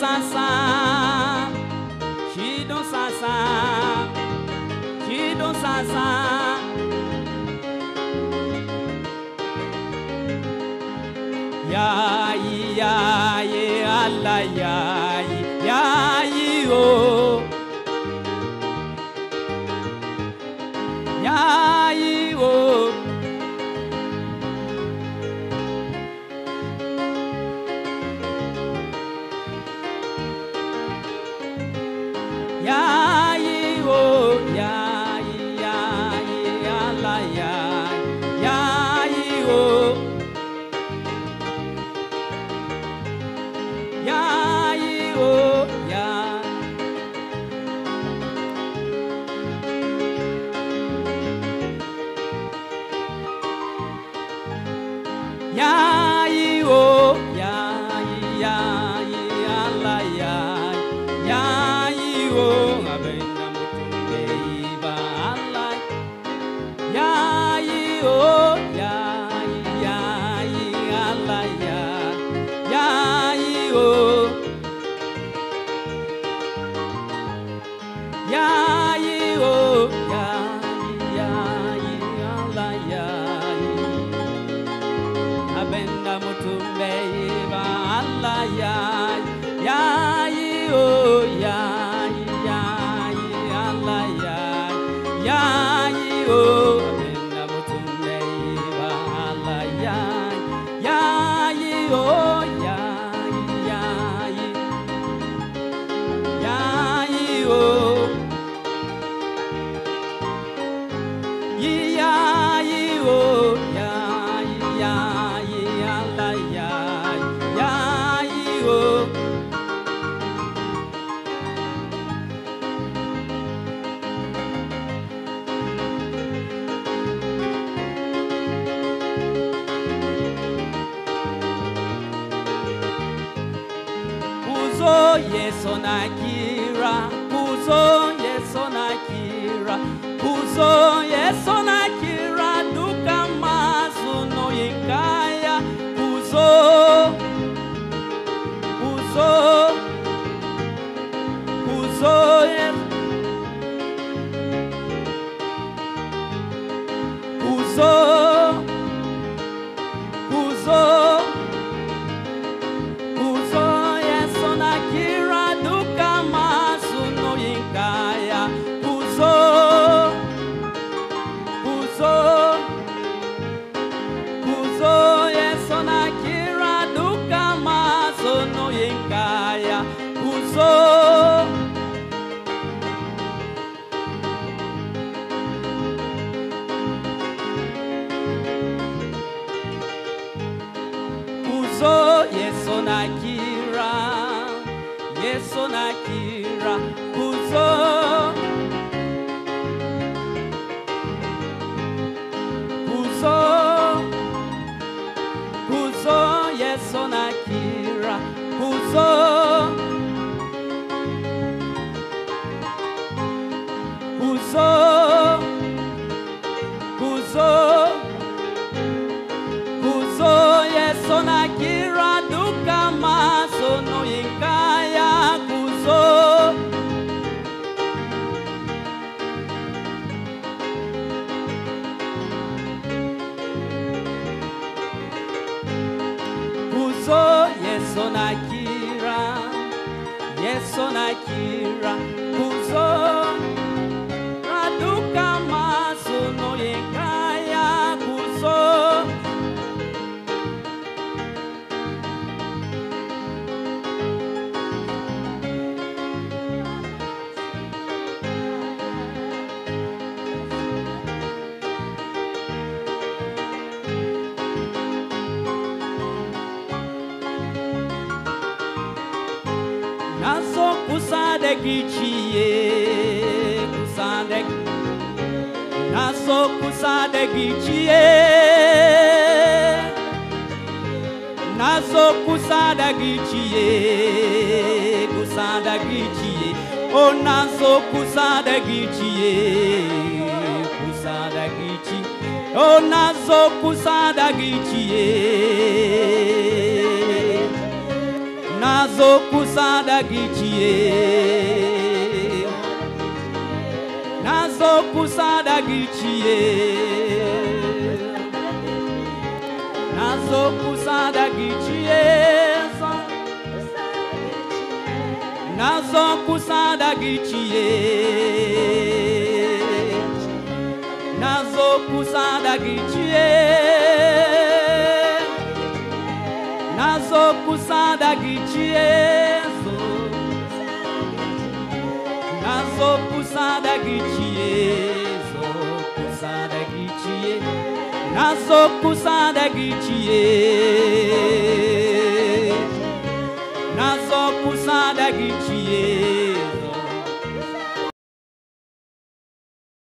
sasa. Shido sasa. Shido sasa. Ya ya ye Allah ya. Yeah. Yeah, o. Kuzo Yeso Nakira, Kuzo Yeso Nakira, Kuzo Yeso yeso nakira yeso nakira Yesu kira kuzo Raduka maso no yekaya kuzo Nas kusadek ichie kusadek naso kusadek ichie naso kusadek ichie kusadek o naso kusadek ichie o naso kusadek nazokusadagitiye nazokusadagitiye nazokusadagitiye sada nazokusadagitiye roku sadagi ci Jezus Na sopu sadagi ci Jezus sadagi ci Jezus Na Na